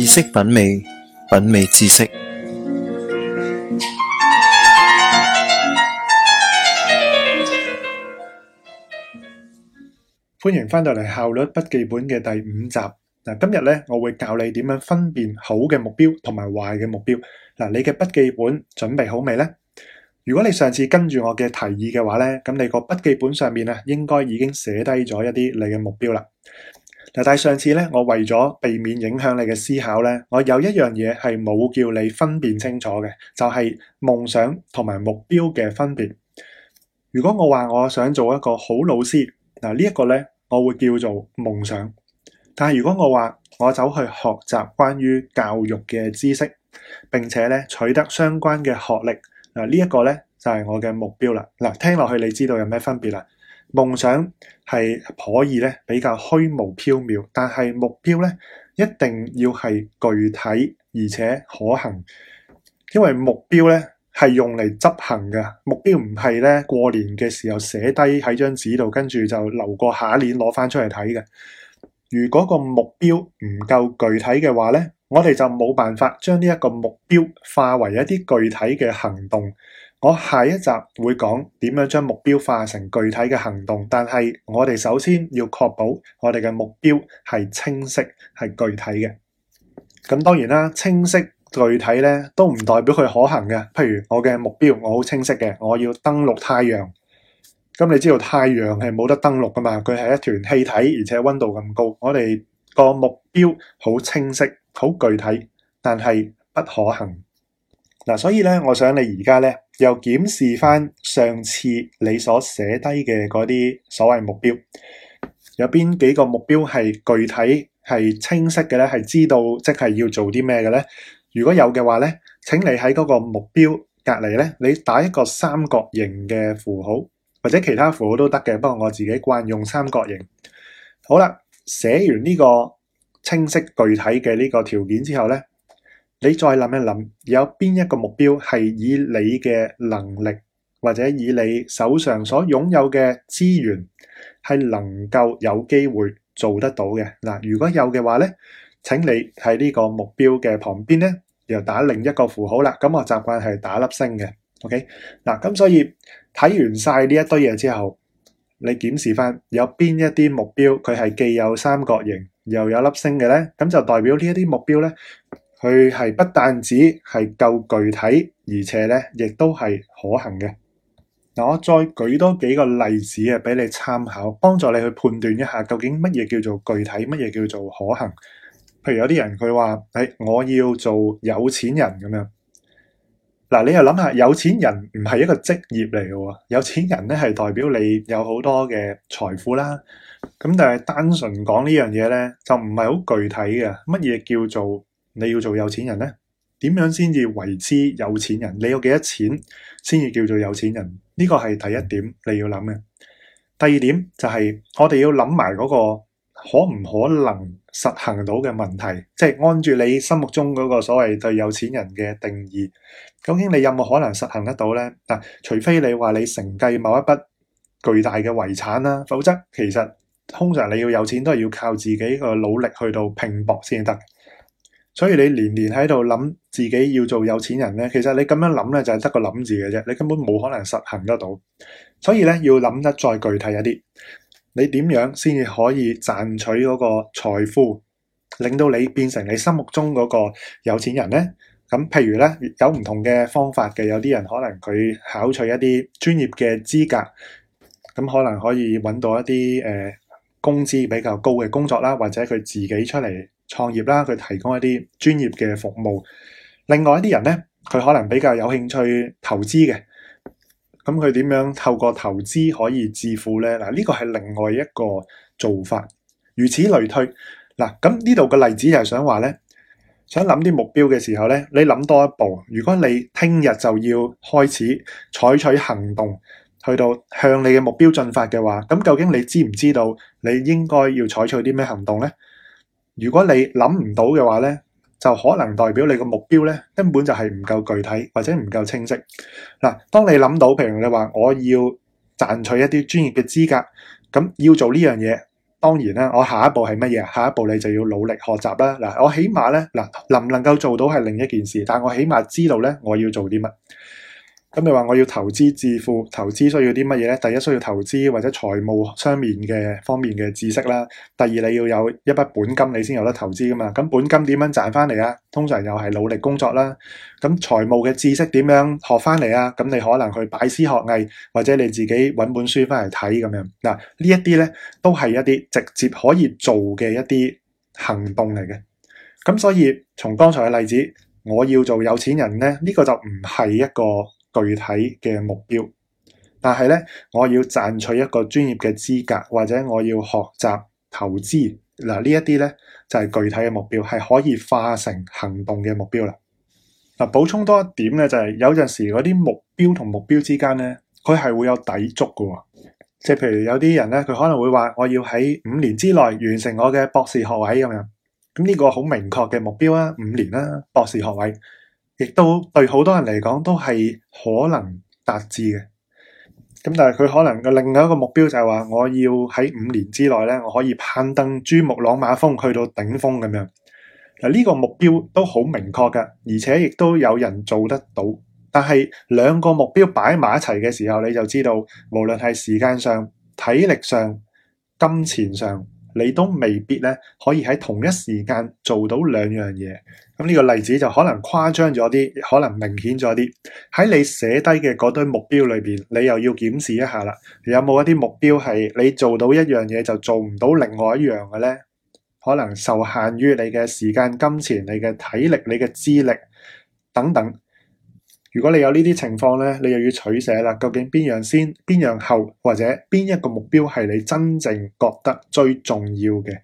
知識品味，品味知識。歡迎翻到嚟效率筆記本嘅第五集。嗱，今日呢我會教你點樣分辨好嘅目標同埋壞嘅目標。嗱，你嘅筆記本準備好未呢？如果你上次跟住我嘅提議嘅話呢，咁你個筆記本上面啊應該已經寫低咗一啲你嘅目標啦。嗱，但係上次咧，我為咗避免影響你嘅思考咧，我有一樣嘢係冇叫你分辨清楚嘅，就係夢想同埋目標嘅分別。如果我話我想做一個好老師，嗱呢一個咧，我會叫做夢想。但係如果我話我走去學習關於教育嘅知識，並且咧取得相關嘅學歷，嗱呢一個咧就係我嘅目標啦。嗱，聽落去你知道有咩分別啦？夢想係可以咧比較虛無縹緲，但係目標咧一定要係具體而且可行，因為目標咧係用嚟執行嘅。目標唔係咧過年嘅時候寫低喺張紙度，跟住就留個下一年攞翻出嚟睇嘅。如果個目標唔夠具體嘅話咧，我哋就冇辦法將呢一個目標化為一啲具體嘅行動。我下一集會講點樣將目標化成具體嘅行動，但係我哋首先要確保我哋嘅目標係清晰係具體嘅。咁當然啦，清晰具體呢都唔代表佢可行嘅。譬如我嘅目標我好清晰嘅，我要登陸太陽。咁你知道太陽係冇得登陸噶嘛？佢係一團氣體，而且温度咁高。我哋個目標好清晰好具體，但係不可行嗱。所以呢，我想你而家呢。又檢視翻上次你所寫低嘅嗰啲所謂目標，有邊幾個目標係具體係清晰嘅咧？係知道即係要做啲咩嘅咧？如果有嘅話咧，請你喺嗰個目標隔籬咧，你打一個三角形嘅符號，或者其他符號都得嘅。不過我自己慣用三角形。好啦，寫完呢個清晰具體嘅呢個條件之後咧。你再諗一諗，有邊一個目標係以你嘅能力，或者以你手上所擁有嘅資源係能夠有機會做得到嘅嗱？如果有嘅話咧，請你喺呢個目標嘅旁邊咧，又打另一個符號啦。咁我習慣係打粒星嘅。OK 嗱，咁所以睇完晒呢一堆嘢之後，你檢視翻有邊一啲目標佢係既有三角形又有粒星嘅咧，咁就代表呢一啲目標咧。佢係不但止係夠具體，而且呢亦都係可行嘅。嗱，我再舉多幾個例子啊，俾你參考，幫助你去判斷一下究竟乜嘢叫做具體，乜嘢叫做可行。譬如有啲人佢話，誒，我要做有錢人咁樣。嗱，你又諗下，有錢人唔係一個職業嚟嘅喎，有錢人呢係代表你有好多嘅財富啦。咁但係單純講呢樣嘢呢，就唔係好具體嘅。乜嘢叫做？你要做有錢人呢？點樣先至為之有錢人？你有幾多錢先至叫做有錢人？呢個係第一點你要諗嘅。第二點就係我哋要諗埋嗰個可唔可能實行到嘅問題，即係按住你心目中嗰個所謂對有錢人嘅定義，究竟你有冇可能實行得到呢？嗱，除非你話你承繼某一筆巨大嘅遺產啦，否則其實通常你要有錢都係要靠自己嘅努力去到拼搏先得。所以你年年喺度諗自己要做有錢人呢，其實你咁樣諗呢，就係得個諗字嘅啫，你根本冇可能實行得到。所以呢，要諗得再具體一啲，你點樣先至可以賺取嗰個財富，令到你變成你心目中嗰個有錢人呢？咁譬如呢，有唔同嘅方法嘅，有啲人可能佢考取一啲專業嘅資格，咁可能可以揾到一啲誒工資比較高嘅工作啦，或者佢自己出嚟。創業啦，佢提供一啲專業嘅服務。另外一啲人呢，佢可能比較有興趣投資嘅。咁佢點樣透過投資可以致富呢？嗱，呢個係另外一個做法。如此類推。嗱，咁呢度嘅例子又係想話呢，想諗啲目標嘅時候呢，你諗多一步。如果你聽日就要開始採取行動，去到向你嘅目標進發嘅話，咁究竟你知唔知道你應該要採取啲咩行動呢？如果你諗唔到嘅話呢，就可能代表你個目標呢根本就係唔夠具體或者唔夠清晰。嗱，當你諗到，譬如你話我要賺取一啲專業嘅資格，咁要做呢樣嘢，當然啦，我下一步係乜嘢？下一步你就要努力學習啦。嗱，我起碼呢，嗱能唔能夠做到係另一件事，但我起碼知道呢我要做啲乜。咁你話我要投資致富，投資需要啲乜嘢咧？第一需要投資或者財務上面嘅方面嘅知識啦。第二你要有一筆本金，你先有得投資噶嘛。咁本金點樣賺翻嚟啊？通常又係努力工作啦。咁財務嘅知識點樣學翻嚟啊？咁你可能去拜師學藝，或者你自己搵本書翻嚟睇咁樣。嗱，呢一啲咧，都係一啲直接可以做嘅一啲行動嚟嘅。咁所以從剛才嘅例子，我要做有錢人咧，呢個就唔係一個具體嘅目標，但係咧，我要賺取一個專業嘅資格，或者我要學習投資，嗱呢一啲咧就係、是、具體嘅目標，係可以化成行動嘅目標啦。嗱，補充多一點咧、就是，就係有陣時嗰啲目標同目標之間咧，佢係會有抵觸嘅，即係譬如有啲人咧，佢可能會話我要喺五年之內完成我嘅博士學位咁樣。咁呢個好明確嘅目標啊，五年啦，博士學位。亦都對好多人嚟講都係可能達致嘅，咁但係佢可能嘅另外一個目標就係話我要喺五年之內呢，我可以攀登珠穆朗瑪峰去到頂峰咁樣嗱。呢個目標都好明確㗎，而且亦都有人做得到。但係兩個目標擺埋一齊嘅時候，你就知道無論係時間上、體力上、金錢上。你都未必咧可以喺同一時間做到兩樣嘢。咁呢個例子就可能誇張咗啲，可能明顯咗啲。喺你寫低嘅嗰堆目標裏面，你又要檢視一下啦，有冇一啲目標係你做到一樣嘢就做唔到另外一樣嘅呢？可能受限於你嘅時間、金錢、你嘅體力、你嘅資歷等等。如果你有呢啲情況咧，你又要取捨啦。究竟邊樣先，邊樣後，或者邊一個目標係你真正覺得最重要嘅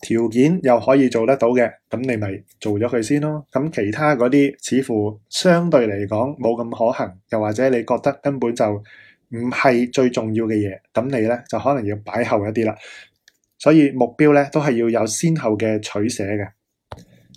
條件，又可以做得到嘅，咁你咪做咗佢先咯。咁其他嗰啲似乎相對嚟講冇咁可行，又或者你覺得根本就唔係最重要嘅嘢，咁你咧就可能要擺後一啲啦。所以目標咧都係要有先後嘅取捨嘅。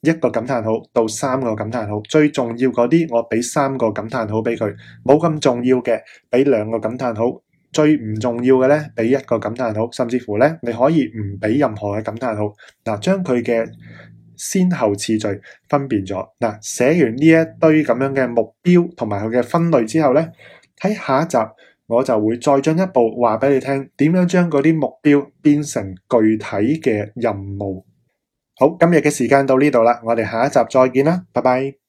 一個感嘆號到三個感嘆號，最重要嗰啲我俾三個感嘆號俾佢，冇咁重要嘅俾兩個感嘆號，最唔重要嘅呢俾一個感嘆號，甚至乎呢你可以唔俾任何嘅感嘆號。嗱，將佢嘅先後次序分辨咗。嗱，寫完呢一堆咁樣嘅目標同埋佢嘅分類之後呢，喺下一集我就會再進一步話俾你聽，點樣將嗰啲目標變成具體嘅任務。好，今日嘅時間到呢度啦，我哋下一集再見啦，拜拜。